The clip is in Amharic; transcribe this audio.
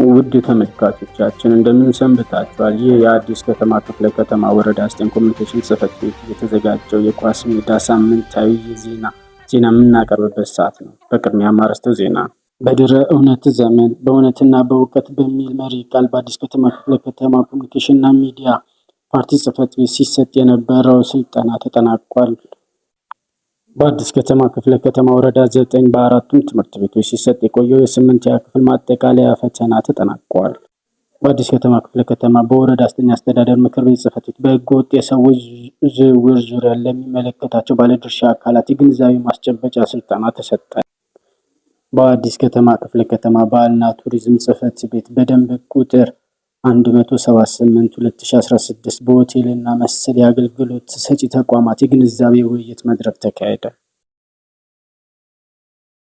ውድ ተመልካቾቻችን እንደምን ሰንብታችኋል? ይህ የአዲስ ከተማ ክፍለ ከተማ ወረዳ ዘጠኝ ኮሚኒኬሽን ጽሕፈት ቤት የተዘጋጀው የኳስ ሜዳ ሳምንታዊ ዜና ዜና የምናቀርብበት ሰዓት ነው። በቅድሚያ አርዕስተ ዜና። በድረ እውነት ዘመን በእውነትና በእውቀት በሚል መሪ ቃል በአዲስ ከተማ ክፍለ ከተማ ኮሚኒኬሽንና ሚዲያ ፓርቲ ጽፈት ቤት ሲሰጥ የነበረው ስልጠና ተጠናቋል። በአዲስ ከተማ ክፍለ ከተማ ወረዳ ዘጠኝ በአራቱም ትምህርት ቤቶች ሲሰጥ የቆየው የስምንተኛ ክፍል ማጠቃለያ ፈተና ተጠናቋል። በአዲስ ከተማ ክፍለ ከተማ በወረዳ አስተኛ አስተዳደር ምክር ቤት ጽሕፈት ቤት በሕገ ወጥ የሰዎች ዝውውር ዙሪያ ለሚመለከታቸው ባለድርሻ አካላት የግንዛቤ ማስጨበጫ ስልጠና ተሰጠ። በአዲስ ከተማ ክፍለ ከተማ ባህልና ቱሪዝም ጽህፈት ቤት በደንብ ቁጥር 178/2016 በሆቴልና መሰል የአገልግሎት ሰጪ ተቋማት የግንዛቤ ውይይት መድረክ ተካሄደ።